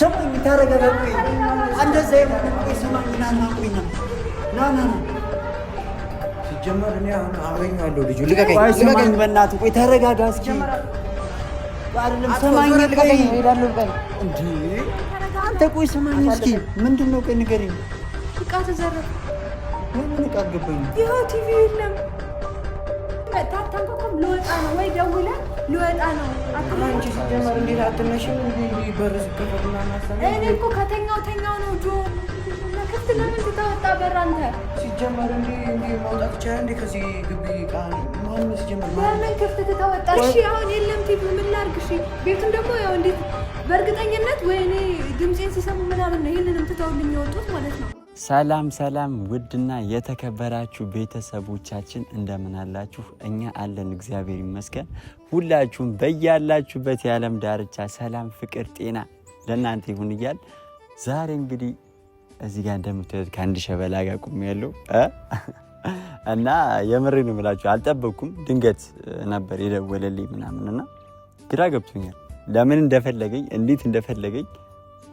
ስሙኝ ተረጋጋ። እንደዛ የሆነ ስማኝ። ና ና ና ና ና ሲጀመር እኔ አሁን አገኘዋለሁ። ልጁ ልቀቀኝ፣ ልቀቀኝ። በእናትህ ቆይ ተረጋጋ እስኪ። አይደለም ስማኝ፣ ልቀቀኝ። እሄዳለሁ። ልቀቀኝ አንተ። ቆይ ስማኝ እስኪ። ምንድን ነው? ቆይ ንገረኝ። ዕቃ ተዘረፈ። ምን ዕቃ አልገባኝም። ይኸው ቲቪ የለም ልወጣ ነው ወይ ደውለን ልወጣ ነው። አንቺ ሲጀመር እንዴት አትነሽም? በር ሲከፈት እኔ እኮ ከተኛው ተኛው ነው ጆ ክፍት ለምን ተወጣ በር? አንተ ሲጀመር እንዲ እንዲ መውጣት ይቻላል እንዴ ከዚህ ግቢ? ቃል ማን ሲጀመር ለምን ክፍት ተወጣ? እሺ አሁን የለም ቲቪ ምን ላድርግ? እሺ ቤቱም ደግሞ ያው እንዴት በእርግጠኝነት ወይኔ ድምፄን ሲሰሙ ምናምን ነው ይህንንም ትተውልኝ የወጡት ማለት ነው። ሰላም ሰላም ውድና የተከበራችሁ ቤተሰቦቻችን እንደምን አላችሁ? እኛ አለን እግዚአብሔር ይመስገን። ሁላችሁም በያላችሁበት የዓለም ዳርቻ ሰላም፣ ፍቅር፣ ጤና ለእናንተ ይሁን እያል ዛሬ እንግዲህ እዚህ ጋር እንደምታዩት ከአንድ ሸበላ ጋር ያለው እና የምሬ ነው የምላችሁ ድንገት ነበር የደወለልኝ ምናምንና ግራ ገብቶኛል። ለምን እንደፈለገኝ እንዴት እንደፈለገኝ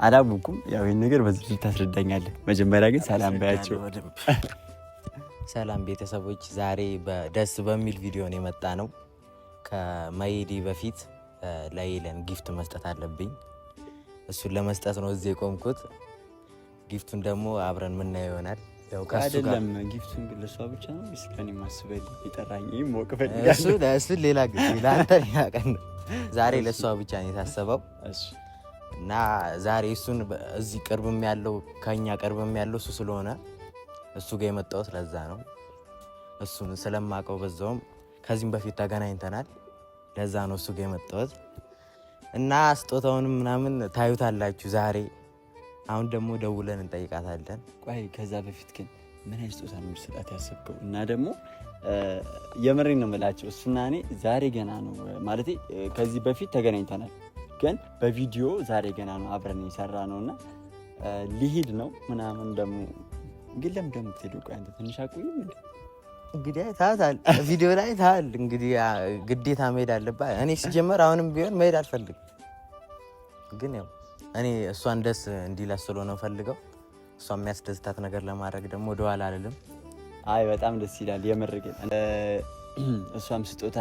አላወኩም። ያው ይህን ነገር በዚህ ታስረዳኛለህ። መጀመሪያ ግን ሰላም ባያቸው። ሰላም ቤተሰቦች፣ ዛሬ ደስ በሚል ቪዲዮ ነው የመጣ ነው። ከመሄዴ በፊት ለይለን ጊፍት መስጠት አለብኝ። እሱን ለመስጠት ነው እዚህ የቆምኩት። ጊፍቱን ደግሞ አብረን ምና ይሆናል። አይደለም ጊፍቱን ግን ለእሷ ብቻ ነው ወይስ ለእኔ ማስበል የጠራኝ ወቅ ፈልጋለሁ። እሱ ሌላ ጊዜ ለአንተ ያቀን ዛሬ ለእሷ ብቻ ነው የታሰበው። እና ዛሬ እሱን እዚህ ቅርብም ያለው ከኛ ቅርብም ያለው እሱ ስለሆነ እሱ ጋር የመጣሁት ለዛ ነው። እሱን ስለማቀው በዛውም ከዚህም በፊት ተገናኝተናል። ለዛ ነው እሱ ጋር የመጣሁት እና ስጦታውንም ምናምን ታዩታላችሁ ዛሬ። አሁን ደግሞ ደውለን እንጠይቃታለን። ቆይ ከዛ በፊት ግን ምን አይነት ስጦታ ነው ሰጣት ያሰብከው? እና ደግሞ የምሬን ነው የምላቸው እሱና እኔ ዛሬ ገና ነው ማለት ከዚህ በፊት ተገናኝተናል ግን በቪዲዮ ዛሬ ገና ነው አብረን የሰራ ነው እና ሊሄድ ነው ምናምን ደግሞ ግን ለምን እንደምትሄዱ አንተ ትንሽ አቁይም እንግዲህ ታታል ቪዲዮ ላይ ታል እንግዲህ ግዴታ መሄድ አለባት። እኔ ሲጀመር አሁንም ቢሆን መሄድ አልፈልግም፣ ግን ያው እኔ እሷን ደስ እንዲላት ስለሆነ ፈልገው እሷ የሚያስደስታት ነገር ለማድረግ ደግሞ ወደኋላ አልልም። አይ በጣም ደስ ይላል የምር ግን እሷም ስጦታ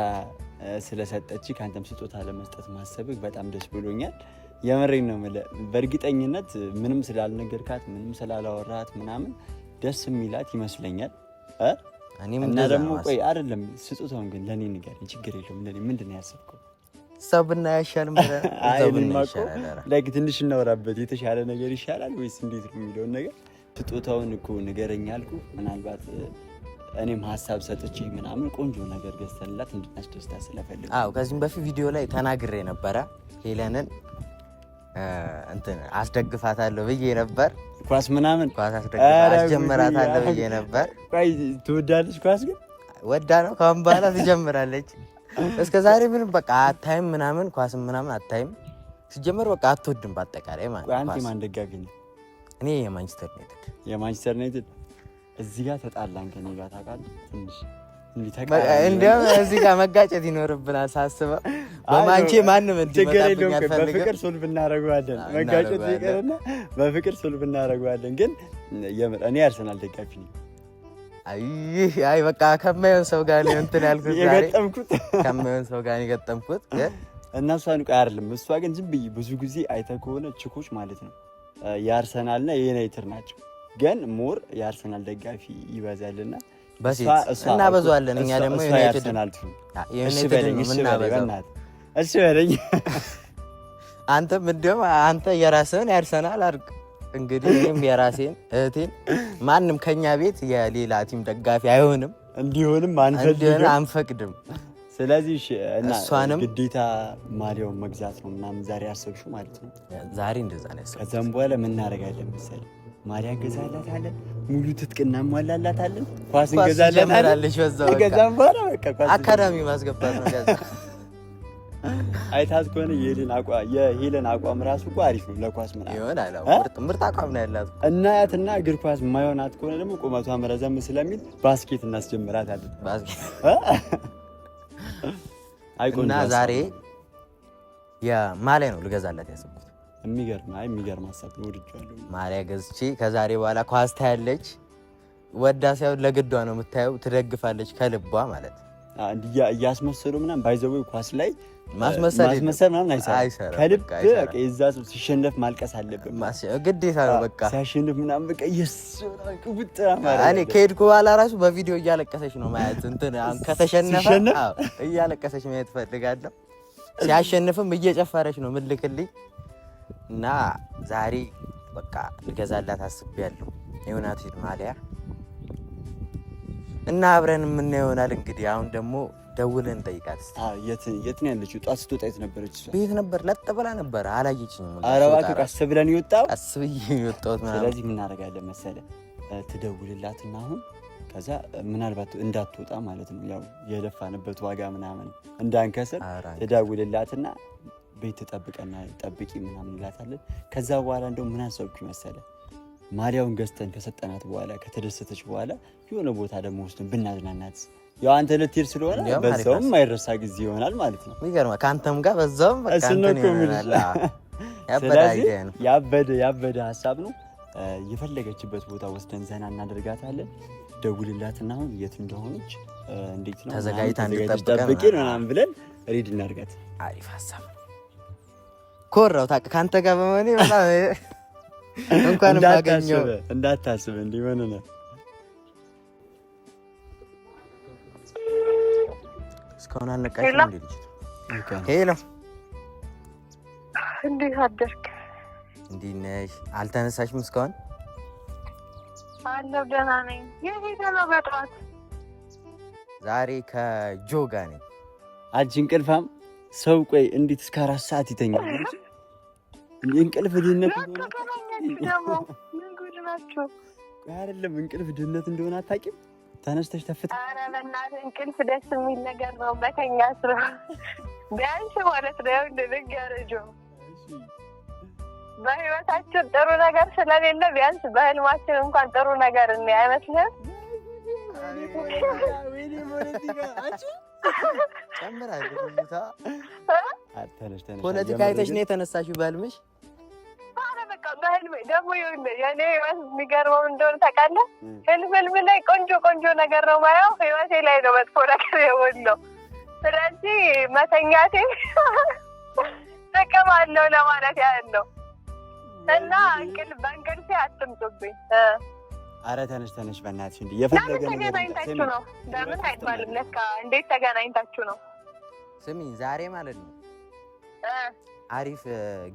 ስለሰጠች ከአንተም ስጦታ ለመስጠት ማሰብህ በጣም ደስ ብሎኛል። የመረኝ ነው የምልህ። በእርግጠኝነት ምንም ስላልነገርካት ምንም ስላላወራት ምናምን ደስ የሚላት ይመስለኛል። እና ደግሞ ቆይ አይደለም ስጦታውን ግን ለእኔ ንገረኝ፣ ችግር የለውም ለእኔ ምንድን ነው ያሰብከው? እሷ ብናይ አይሻልም? ላይክ ትንሽ እናወራበት የተሻለ ነገር ይሻላል ወይስ እንዴት ነው የሚለውን ነገር ስጦታውን እኮ ንገረኝ አልኩህ ምናልባት እኔም ሀሳብ ሰጥቼ ምናምን ቆንጆ ነገር ገዝተንላት ደስታ ስለፈልግ፣ አዎ ከዚህም በፊት ቪዲዮ ላይ ተናግሬ ነበረ። ሄለንን እንትን አስደግፋታለሁ ብዬ ነበር። ኳስ ምናምን ኳስ አስጀምራታለሁ ብዬ ነበር። ትወዳለች ኳስ ግን ወዳ ነው ከአሁን በኋላ ትጀምራለች። እስከ ዛሬ ምንም በቃ አታይም ምናምን ኳስም ምናምን አታይም። ሲጀመር በቃ አትወድም በአጠቃላይ ማለት ነው። አንተ ማን ደጋፊ ነህ? እኔ የማንቸስተር ዩናይትድ የማንቸስተር ዩናይትድ እዚህ ጋር ተጣላን ከኔ ጋር ታውቃለህ። ትንሽ እንዲያውም እዚህ ጋር መጋጨት ይኖርብናል ሳስበው። በማንቼ ማንም ችግር የለውም፣ በፍቅር ሱልብ እናደርገዋለን። መጋጨት ይቀርና በፍቅር ሱልፍ እናደርገዋለን። ግን እኔ አርሰናል ደጋፊ ነኝ። አይ በቃ ከማይሆን ሰው ጋር ነው እንትን ያልኩት የገጠምኩት ከማይሆን ሰው ጋር የገጠምኩት እና እሷን ቆይ አይደለም። እሷ ግን ዝም ብዬ ብዙ ጊዜ አይተህ ከሆነ ችኮች ማለት ነው የአርሰናልና የዩናይትድ ናቸው ግን ሞር የአርሰናል ደጋፊ ይበዛልና በሴት እናበዛዋለን። እኛ ደግሞ ዩናይትድ እሺ በለኝ። አንተም እንዲያውም አንተ የራስህን ያርሰናል አድርግ እንግዲህ፣ እኔም የራሴን እህቴን። ማንም ከኛ ቤት የሌላ ቲም ደጋፊ አይሆንም፣ እንዲሆንም አንፈቅድም። ስለዚህ እሷንም ግዴታ ማሊያውን መግዛት ነው ምናምን ዛሬ አሰብሽው ማለት ነው። ዛሬ እንደዛ ነው። ከዛም በኋላ ምን እናደርጋለን መሰለኝ ማሪያ እንገዛላታለን፣ ሙሉ ትጥቅ እናሟላላታለን፣ ኳስ እንገዛላታለን። ከዛም በኋላ በቃ ኳስ አካዳሚ ማስገባት ነው። ከዛ አይታት ከሆነ የሄለን አቋ የሄለን አቋም ራሱ እኮ አሪፍ ነው ለኳስ ምናምን ምርጥ አቋም ነው ያላት። እና ያትና እግር ኳስ የማይሆናት ከሆነ ደግሞ ቁመቷም መረዘም ስለሚል ባስኬት ባስኬት እና ዛሬ የማሊያ ነው ልገዛላት ያሰብኩት የሚገርም አይ የሚገርም ሀሳብ ነው። ወድጄዋለሁ። ማሊያ ገዝቼ ከዛሬ በኋላ ኳስ ታያለች። ወዳ ሳይሆን ለግዷ ነው የምታየው። ትደግፋለች ከልቧ ማለት እያስመሰሉ ምናምን ባይዘው ኳስ ላይ ማስመሰል ምናምን አይሰራም። ከልብ የዛ ሰው ሲሸነፍ ማልቀስ አለብን ግዴታ ነው። በቃ ሲያሸንፍ ምናምን በቃ እኔ ከሄድኩ በኋላ ራሱ በቪዲዮ እያለቀሰች ነው ማየት እንትን ከተሸነፈ እያለቀሰች ማየት ፈልጋለሁ። ሲያሸንፍም እየጨፈረች ነው ምልክልኝ እና ዛሬ በቃ ልገዛላት አስቤያለሁ የዩናይትድ ማሊያ እና አብረን የምናየው ይሆናል። እንግዲህ አሁን ደግሞ ደውለን እንጠይቃት። የት ነው ያለችው? ጧት ስትወጣ የት ነበረች? ቤት ነበር፣ ለጥ ብላ ነበር፣ አላየችኝም። ኧረ እባክህ ቀስ ብለን ይወጣው፣ ቀስ ብዬ የወጣሁት። ስለዚህ የምናደርጋለን መሰለህ ትደውልላትና አሁን ከዛ ምናልባት እንዳትወጣ ማለት ነው ያው የለፋንበት ዋጋ ምናምን እንዳንከስር ትደውልላትና ቤት ጠብቀና ጠብቂ ምናምን እንላታለን። ከዛ በኋላ እንደው ምን አሰብኩ መሰለ ማሊያውን ገዝተን ከሰጠናት በኋላ ከተደሰተች በኋላ የሆነ ቦታ ደግሞ ውስጡን ብናዝናናት ያው አንተ ልትሄድ ስለሆነ በዛውም የማይረሳ ጊዜ ይሆናል ማለት ነው። ይገርማ ከአንተም ጋር በዛውም ያበደ ያበደ ሀሳብ ነው። የፈለገችበት ቦታ ወስደን ዘና እናደርጋታለን። ደውልላትና አሁን የት እንደሆነች እንዴት ነው ተዘጋጅታ እንድጠብቀን ምናምን ብለን ሬድ እናድርጋት። አሪፍ ሀሳብ ኮራው ታውቅ ከአንተ ጋር በመሆኔ በጣም እንኳን እንዳታስብ እንዲሆን ነው። እስካሁን አልነቃችም። ሄሎ እንዴት አደርክ? እንዴት ነሽ? አልተነሳሽም እስካሁን? አለሁ ደህና ነኝ። ነው በጠዋት ዛሬ ከጆ ጋር ነኝ። አንቺ እንቅልፋም ሰው ቆይ እንዴት እስከ አራት ሰዓት ይተኛል? እንቅልፍ ድህነት አይደለም። እንቅልፍ ድህነት እንደሆነ አታውቂም? ተነስተሽ ተፍት እንቅልፍ ደስ የሚል ነገር ነው። መተኛ ስራ ቢያንስ ማለት ነው። ያረጆ በህይወታችን ጥሩ ነገር ስለሌለ ቢያንስ በህልማችን እንኳን ጥሩ ነገር እኔ አይመስልም ፖለቲካ አይተሽ ነው የተነሳሽው በህልምሽ? በህልሜ ደግሞ የኔ የሚገርመው እንደሆነ ታውቃለህ፣ ህልም ህልም ላይ ቆንጆ ቆንጆ ነገር ነው ማየው፣ ህይወቴ ላይ ነው መጥፎ ነገር የሆነው። ስለዚህ መተኛቴ ጥቅም አለው ለማለት ያህል ነው። እና በእንቅልፌ አትምጡብኝ። አረ ተነሽ ተነሽ፣ በእናትሽ እንዲ የፈለገ ተገናኝታችሁ ነው። በምን አይባልም ለካ። እንዴት ተገናኝታችሁ ነው? ስሚ ዛሬ ማለት ነው አሪፍ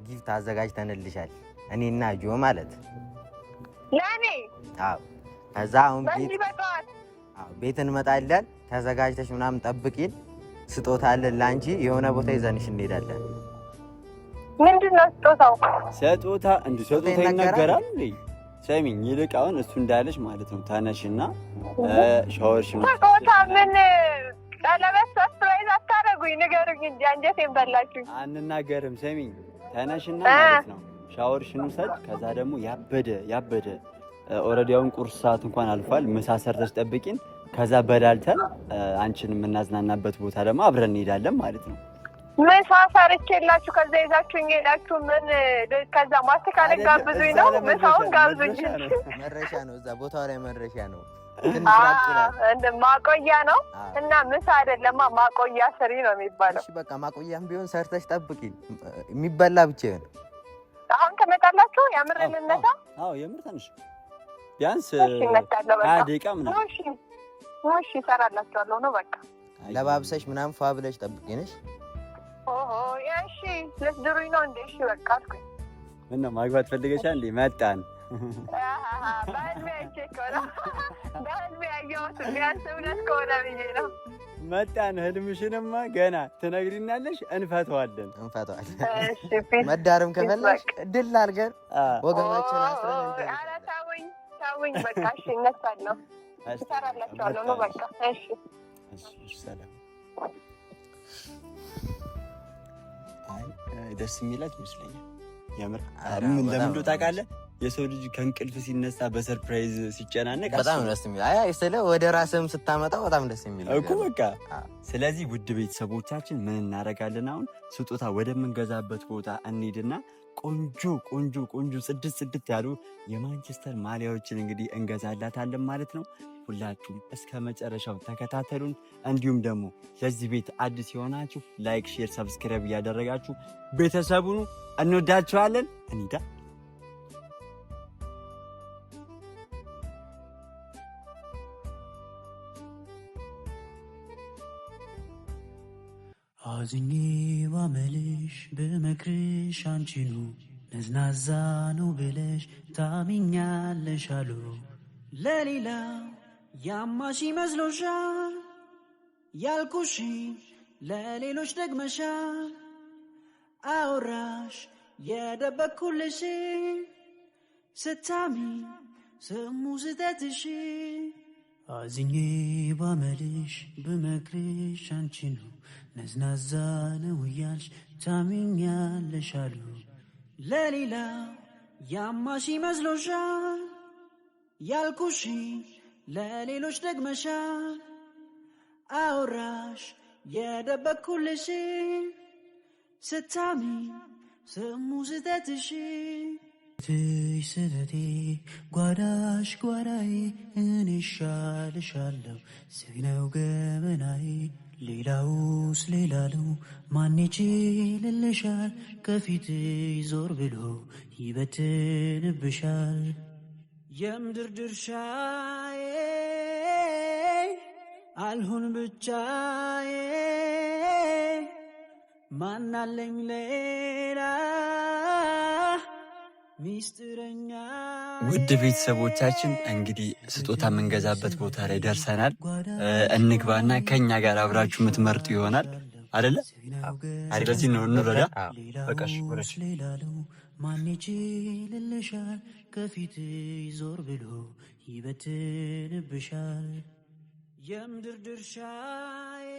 ጊፍት አዘጋጅተንልሻል። እኔ እና ጆ ማለት ለእኔ። አዎ ከዛ አሁን ቤት ቤት እንመጣለን። ተዘጋጅተሽ ምናምን ጠብቂን። ስጦታ አለን ለአንቺ የሆነ ቦታ ይዘንሽ እንሄዳለን። ምንድን ነው ስጦታው? ስጦታ እንዲ ስጦታ ይነገራል። ሰሚኝ ይልቅ አሁን እሱ እንዳለች ማለት ነው። ታነሽ እና ሻወርሽ ነው። ቆታ ምን ቀለበት ሶስት ወይዝ አታረጉኝ፣ ንገሩኝ እንጂ አንጀቴን በላችሁኝ። አንናገርም። ሰሚኝ እና ማለት ነው ሻወርሽን ውሰድ። ከዛ ደግሞ ያበደ ያበደ ኦልሬዲ አሁን ቁርስ ሰዓት እንኳን አልፏል። ምሳ ሰርተሽ ጠብቂን። ከዛ በላልተን አንቺን የምናዝናናበት ቦታ ደግሞ አብረን እንሄዳለን ማለት ነው። ምሳ ሰርቼላችሁ ከዛ ይዛችሁ ሄዳችሁ ምን ከዛ ማስተካከል ጋብዙኝ ነው። ምሳውን ጋብዙኝ መረሻ ነው። እዛ ቦታው ላይ መረሻ ነው፣ ማቆያ ነው እና ምሳ አይደለማ ማቆያ ስሪ ነው የሚባለው። በቃ ማቆያም ቢሆን ሰርተሽ ጠብቂ። የሚበላ ብቻ ይሆን። አሁን ትመጣላችሁ? የምር ልነሳ? አዎ የምር ትንሽ ቢያንስ ሀያ ደቂቃ ምናምን ይሰራላችኋለሁ ነው በቃ ለባብሰሽ ምናምን ፏ ብለሽ ጠብቂኝ ነሽ ልትድሩኝ ነው እንዴ? እሺ በቃ አልኩኝ። ምነው ማግባት ፈልገሻል እንዴ? መጣን መጣን። ህልምሽንማ ገና ትነግሪናለሽ፣ እንፈተዋለን እንፈተዋለን። መዳርም ከፈለሽ ድል አድርገን ወገናችን አስረን። ኧረ ታውኝ በቃ ነው በቃ እሺ፣ ሰላም ነገር ደስ የሚላት ይመስለኛል። የምር ምን ለምዶ ታውቃለህ? የሰው ልጅ ከእንቅልፍ ሲነሳ በሰርፕራይዝ ሲጨናነቅ በጣም ደስ የሚል ስለ ወደ ራስህም ስታመጣው በጣም ደስ የሚል እኮ በቃ። ስለዚህ ውድ ቤተሰቦቻችን ምን እናደርጋለን አሁን ስጦታ ወደምንገዛበት ቦታ እንሂድና ቆንጆ ቆንጆ ቆንጆ ስድስት ስድስት ያሉ የማንቸስተር ማሊያዎችን እንግዲህ እንገዛላታለን ማለት ነው። ሁላችሁም እስከ መጨረሻው ተከታተሉን። እንዲሁም ደግሞ ለዚህ ቤት አዲስ የሆናችሁ ላይክ፣ ሼር፣ ሰብስክራይብ እያደረጋችሁ ቤተሰቡን እንወዳችኋለን እንዳ አዝኚ ባመልሽ ብመክርሽ አንቺኑ ነዝናዛ ነው ብለሽ ታሚኛለሽ አሉ ለሌላ ያማሽ መስሎሻ ያልኩሽ ለሌሎች ደግመሻ አውራሽ የደበኩልሽ ስታሚ ስሙ ስተትሽ አዝኜ ባመልሽ ብመክርሽ አንቺ ነው ነዝናዛ ነው እያልሽ ታምኛለሽ አሉ ለሌላ ያማሽ ይመስሎሻል ያልኩሽ ለሌሎች ደግመሻል አውራሽ የደበቅኩልሽ ስታሚ ስሙ ስተትሽ ትሽ ስለቴ ጓዳሽ ጓዳዬ እኔ እሻልሻለሁ ስግነው ገመናዬ ሌላውስ ሌላለው ማን ይችልልሻል ከፊት ዞር ብሎ ይበትንብሻል የምድር ድርሻዬ አልሁን ብቻዬ ማናለኝ ሌላ ውድ ቤተሰቦቻችን እንግዲህ ስጦታ የምንገዛበት ቦታ ላይ ደርሰናል። እንግባና ከኛ ጋር አብራችሁ የምትመርጡ ይሆናል አደለ? በዚህ ነው እንረዳ። በቃሽ ከፊት ዞር ብሎ ይበትንብሻል የምድር ድርሻዬ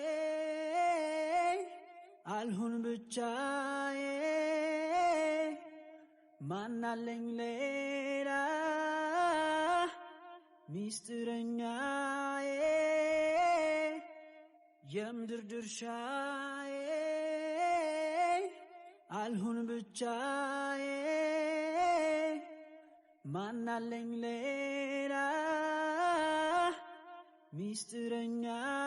አልሁን ብቻዬ ማናለኝ ሌላ ሚስጥረኛዬ የምድር ድርሻዬ አልሁን ብቻዬ ማናለኝ ሌላ ሚስጥረኛዬ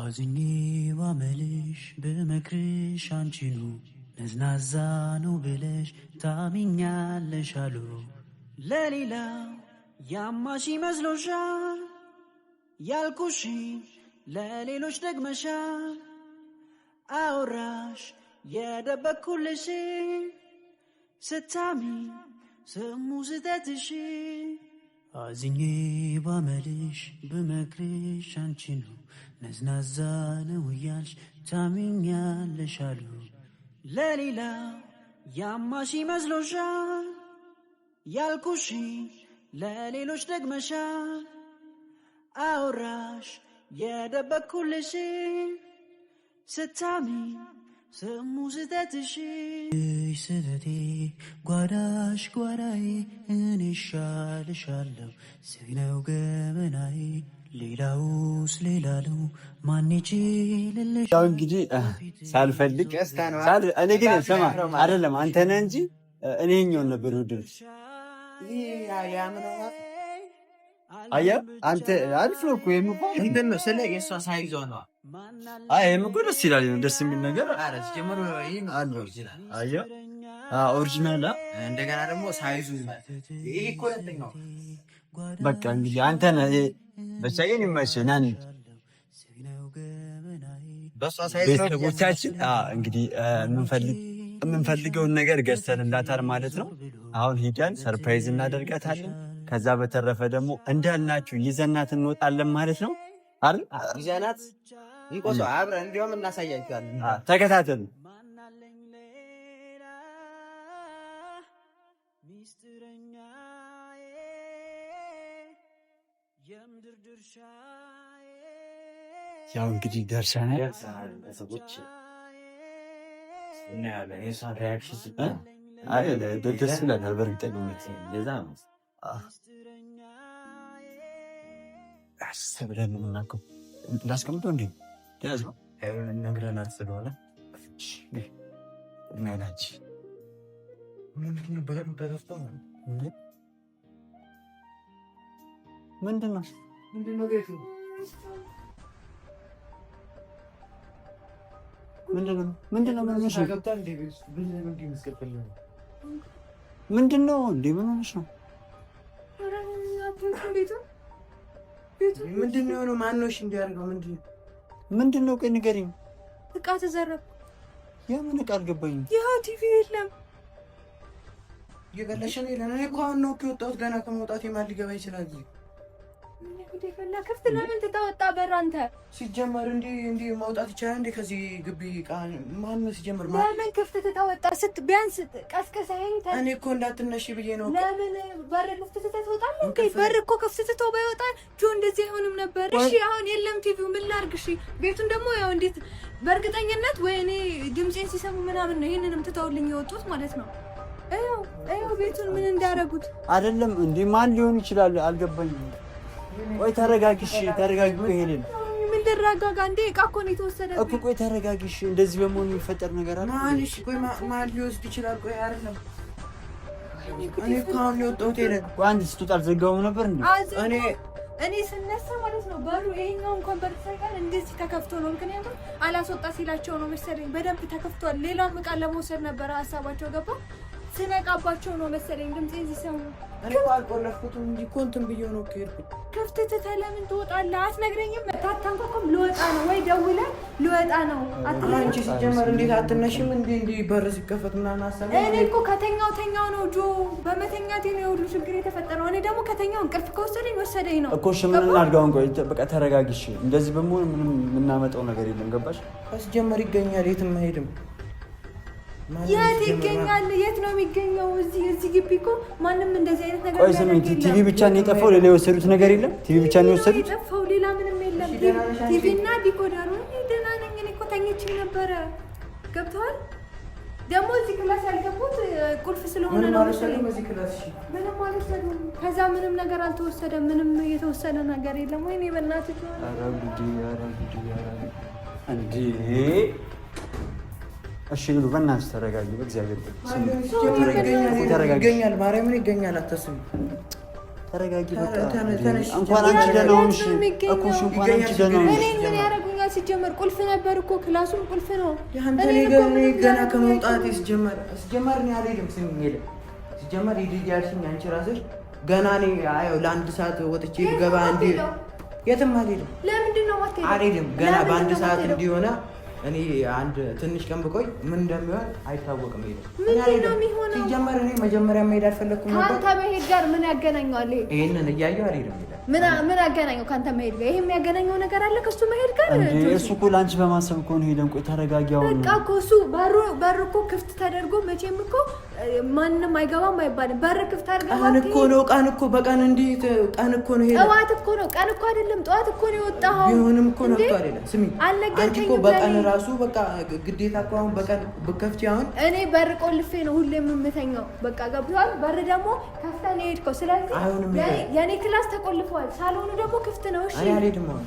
አዝኜ ባመልሽ ብመክርሽ አንቺኑ ነዝናዛ ነው ብለሽ ታሚኛለሽ አሉ ለሌላ ያማሽ ይመስሎሻል ያልኩሽ ለሌሎች ደግመሻ አውራሽ የደበኩልሽ ስታሚ ስሙ ስተትሽ አዝኜ ባመልሽ ብመክርሽ አንቺኑ ነዝናዛ ነው እያልሽ ታሚኛለሽ አሉ ለሌላ ያማሽ ይመስሎሻ ያልኩሽ ለሌሎች ደግመሻ አውራሽ የደበኩልሽ ስታሚ ስሙ ስተትሽ ስህተቴ ጓዳሽ ጓዳዬ እኔ ሻልሻለሁ ስግነው ገበናዬ ሌላውስ ሌላ ነው። ማን ይችላል እንግዲህ ሳልፈልግ እኔ ግን ስማ አይደለም አንተ ነህ እንጂ እኔ ኛውን ነበር ውድር አያ አንተ አሪፍ ነው እኮ እንትን ነው ስለ የእሷ ሳይዞ ነው። አይ ይሄም እኮ ደስ ይላል፣ ደስ የሚል ነገር ኦሪጂናል። እንደገና ደግሞ ሳይዙ በቃ እንግዲህ አንተ ነህ ብቻ ግን ይመችህ። ና ቤተሰቦቻችን እንግዲህ የምንፈልገውን ነገር ገዝተንላታል ማለት ነው። አሁን ሂደን ሰርፕራይዝ እናደርጋታለን። ከዛ በተረፈ ደግሞ እንዳልናችሁ ይዘናት እንወጣለን ማለት ነው አይደል? ይዘናት እንቆሶ አብረን እንዲሁም እናሳያችኋለን። ተከታተሉ። ያው እንግዲህ ደርሰናል ደርሰናል። እናያለን። ሪያክሽን ደስ በእርግጠኝነት እንደዛ ነው ብለን እንዲ ነግረናት ስለሆነ እናይናች ነው ምንድን ነው ምንድን ነው ምንድን ነው እንዴ? ምን ሆነሽ ነው? ምንድን ነው የሆነው? ማን እንዲያደርገው ምንድን ነው ምንድን ነው? ቆይ ንገሪኝ። እቃ ተዘረፈ። የምን እቃ አልገባኝም። ያው ቲቪ የለም። እየገለሸ ነው። ለምን እኮ አሁን ነው እኮ የወጣሁት ገና ከመውጣት የማን ሊገባ ይችላል? ክፍት ለምን ትታወጣ በር አንተ ሲጀመር እንዲህ እንዲህ ማውጣት ይቻላል እንዴ ከዚህ ግቢ ማነው ሲጀመር ለምን ክፍት ትታወጣ ስት ቢያንስ ቀስቅሰኸኝ እኔ እኮ እንዳትነሽ ብዬ ነው ለምን በር ክፍት ትተህ እንዴ በር እኮ ክፍት ትቶ ባይወጣ ጆ እንደዚህ አይሆንም ነበር እሺ አሁን የለም ቲቪው ምን ላድርግ እሺ ቤቱን ደግሞ ያው እንዴት በእርግጠኝነት ወይ እኔ ድምፄን ሲሰሙ ምናምን ነው ይሄንንም ትተውልኝ የወጡት ማለት ነው ይኸው ይኸው ቤቱን ምን እንዳደረጉት አይደለም እንዴ ማን ሊሆን ይችላል አልገባኝም ቆይ ተረጋግሽ፣ ተረጋጊ። ቆይ ሄደን ምን ተረጋጋ እንዴ? እቃ እኮ ነው የተወሰደ እኮ። ቆይ ተረጋግሽ። እንደዚህ በመሆኑ የሚፈጠር ነገር አለ ማንሽ? ቆይ ማን ሊወስድ ይችላል? ቆይ አይደለም እኔ እኮ አሁን የወጣሁት ሄደን ቆይ፣ አንድ ስትወጣ አልዘጋሁም ነበር እንዴ? እኔ እኔ ስነሳ ማለት ነው በሩ ይሄኛው እንኳን በር ሳይቀር እንደዚህ ተከፍቶ ነው። ምክንያቱም አላስወጣ ሲላቸው ነው መሰለኝ በደንብ ተከፍቷል። ሌላም እቃ ለመውሰድ ነበረ ሀሳባቸው ገባ። ስነቃባቸው ነው መሰለኝ ድምፅ እዚህ ሰው እኔ እኮ አልቆለፍኩትም እንጂ እኮ እንትን ብዬ ነው ከሄድኩት ክፍት ትተህ ለምን ትወጣለህ? አትነግረኝም? ታታንኳኩም ልወጣ ነው ወይ ደውለህ ልወጣ ነው። አንቺ ሲጀመር እንዴት አትነሽም? እንዲ እንዲ በር ሲከፈት ምናምን አሰብ። እኔ እኮ ከተኛው ተኛው ነው ጆ፣ በመተኛቴ ነው የሁሉ ችግር የተፈጠረው። እኔ ደግሞ ከተኛው እንቅልፍ ከወሰደኝ ወሰደኝ ነው እኮ። እሺ ምን እናድርጋውን? ቆይ በቃ ተረጋግሽ። እንደዚህ በመሆን ምንም የምናመጣው ነገር የለም ገባሽ? ሲጀመር ይገኛል የትም አይሄድም። የት ይገኛል? የት ነው የሚገኘው? እዚህ እዚህ ግቢ እኮ ማንም እንደዚህ አይነት ነገር ቆይ፣ ስሚ፣ ቲቪ ብቻ ነው የጠፋው። ሌላ የወሰዱት ነገር የለም። ቲቪ ብቻ ነው የወሰዱት፣ የጠፋው ሌላ ምንም የለም። ቲቪ እና ዲኮደሩ። እኔ ደህና ነኝ። እኔ እኮ ተኝቼ ነበረ። ገብተዋል። ደግሞ እዚህ ክላስ ያልገቡት ቁልፍ ስለሆነ ነው። ምንም አልወሰዱም። ከዛ ምንም ነገር አልተወሰደም። ምንም የተወሰደ ነገር የለም። ወይኔ በእናትህ እሺ ብሉ፣ በእናትሽ ተረጋጊ። በእግዚአብሔር ይገኛል፣ ማርያምን ይገኛል። አታስቢ፣ ተረጋጊ። እንኳን አንቺ ደህና ሆንሽ እኮ እንኳን አንቺ ደህና ሆንሽ። ምን ያደርጉኛል? ሲጀመር ቁልፍ ነበር እኮ ክላሱም ቁልፍ ነው። ገና ከመውጣት ሲጀመር ሲጀመር እኔ አልሄድም። ሲጀመር ሂድ እያልሽኝ አንቺ እራስሽ ገና እኔ ለአንድ ሰዓት ወጥቼ ልገባ እንዲ የትም አልሄድም። ለምንድን ነው አልሄድም? ገና በአንድ ሰዓት እንዲሆነ እኔ አንድ ትንሽ ቀን ብቆይ ምን እንደሚሆን አይታወቅም። ሄደ ሲጀመር እኔ መጀመሪያ መሄድ አልፈለግኩም። ከአንተ መሄድ ጋር ምን ያገናኘዋል? ይህንን እያየሁ አልሄድም። ምን አገናኘው ከአንተ መሄድ ጋር? ይህ የሚያገናኘው ነገር አለ ከሱ መሄድ ጋር? እሱ እኮ ለአንቺ በማሰብ እኮ ነው። ሄደን ቆይ ተረጋጊ። አሁን በቃ እኮ እሱ በሩ እኮ ክፍት ተደርጎ መቼም እኮ ማንም አይገባም አይባልም። በር ክፍት አድርገህ ቀን እኮ ነው ቀን እኮ በቀን እንዲህ ቀን እኮ ነው ሄደ ጠዋት እኮ ነው ቀን እኮ አይደለም ጠዋት እኮ ነው የወጣኸው። ቢሆንም እኮ ነው እኮ አይደለም። ስሚ አንቺ እኮ በቀን ራሱ በቃ ግዴታ እኮ አሁን በቀን ብከፍቺ አሁን እኔ በር ቆልፌ ነው ሁሌም የምተኛው። በቃ ገብቶሃል። በር ደግሞ ከፍተህ ነው የሄድከው። ስለዚህ የእኔ ክላስ ተቆልፈዋል። ሳልሆኑ ደግሞ ክፍት ነው። እሺ አልሄድም አሁን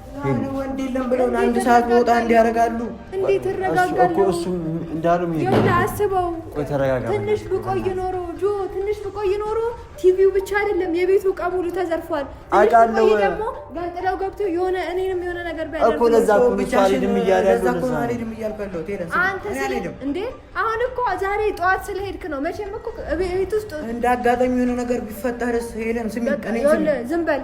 ወንድ የለም ትንሽ ብቆይ ኖሮ ጆ ትንሽ ብቆይ ኖሮ ቲቪው ብቻ አይደለም የቤቱ ዕቃ ሙሉ ተዘርፏል። አውቃለሁ ደግሞ ገንጥለው ገብተው የሆነ እኔንም የሆነ ነገር አሁን እኮ ዛሬ ጠዋት ስለሄድክ ነው። መቼም እኮ ቤት ውስጥ እንደ አጋጣሚ የሆነ ነገር ቢፈጠርስ ሄለን ስሚ ዝም በል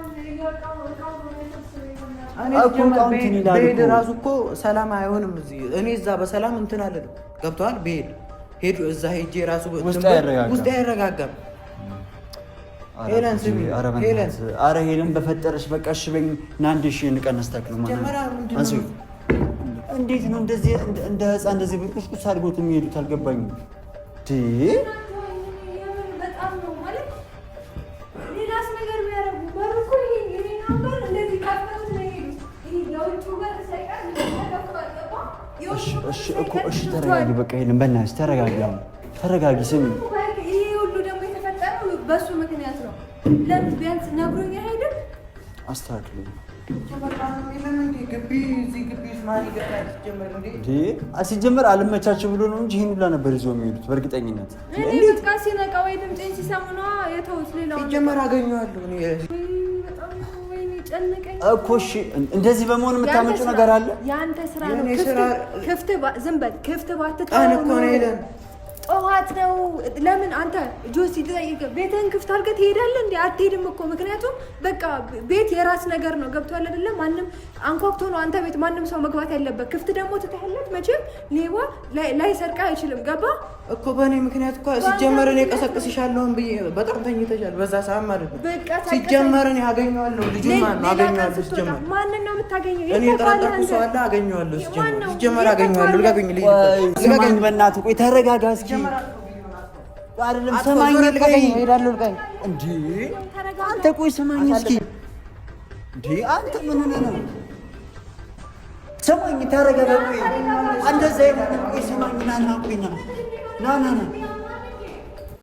ብሄድ ራሱ እኮ ሰላም አይሆንም። እኔ እዛ በሰላም እንትን አለ ገብተዋል። ብሄድ ሄዱ እዛ ሄጄ ራሱ ውስጥ አይረጋጋም። ሄለን በፈጠረሽ በቃ እሺ በይኝ። ናንድ ሺ እንቀነስ ታክል እንዴት ነው እንደዚህ እንደ ህፃን እንደዚህ ቁስቁስ አድርጎት የሚሄዱት አልገባኝም። እሺ ተረጋጊ፣ በቃ የለም። በእናትሽ ተረጋጊ፣ ተረጋጊ። ስሚ፣ ይሄ ሁሉ ደግሞ የተፈጠረው በእሱ ምክንያት ነው። ለምን ቢያንስ ነግሮኝ አይሄድም? አስተካክሉ። ሲጀመር አልመቻቸው ብሎ ነው እንጂ ይህን ሁላ ነበር ይዞ የሚሄዱት በእርግጠኝነት። ሲነቃ ወይ ድምጼን ሲሰሙ ነዋ የተውት። ሌላው ሲጀመር አገኘዋለሁ የሚያስጨንቀኝ እኮ እሺ፣ እንደዚህ በመሆን የምታመጪው ነገር አለ። የአንተ ስራ ነው። ክፍት ዝም በል ክፍት ባትተው ጠዋት ነው። ለምን አንተ ጆሲ ልጠይቅህ፣ ቤትህን ክፍት አድርገህ ትሄዳለህ እንዴ? አትሄድም እኮ ምክንያቱም በቃ ቤት የራስ ነገር ነው። ገብቶሃል አይደለም? ማንም አንኳኩቶ ነው አንተ ቤት ማንም ሰው መግባት ያለበት። ክፍት ደግሞ ትተህለት መቼም ሌባ ላይሰርቅ አይችልም። ገባ እኮ በእኔ ምክንያት እኮ ሲጀመር እኔ ቀሰቅስሻለሁን ብዬ በጣም ተኝተሻል፣ በዛ ሰዓት ማለት ነው። ሲጀመር እኔ አገኘዋለሁ፣ ልጁን ማን አገኘዋለሁ። ሲጀመር ማንን ነው የምታገኘው? እኔ የጠረጠርኩት ሰው አለ፣ አገኘዋለሁ። ሲጀመር ሲጀመር አገኘዋለሁ። ልጋገኝ ልጅ ልጋገኝ። በእናትህ ቆይ ተረጋጋ እስኪ አይደለም ስማኝ፣ ልቀቀኝ፣ እሄዳለሁ። ልቀቀኝ። እንዴ አንተ ቆይ ስማኝ እስኪ። እንዴ አንተ ምን ሆነህ ነው? ሰማኝ ተረጋጋ። ቆይ እንደዛ ይሆን? ቆይ ስማኝ፣ ና ና፣ ቆይ ና ና ና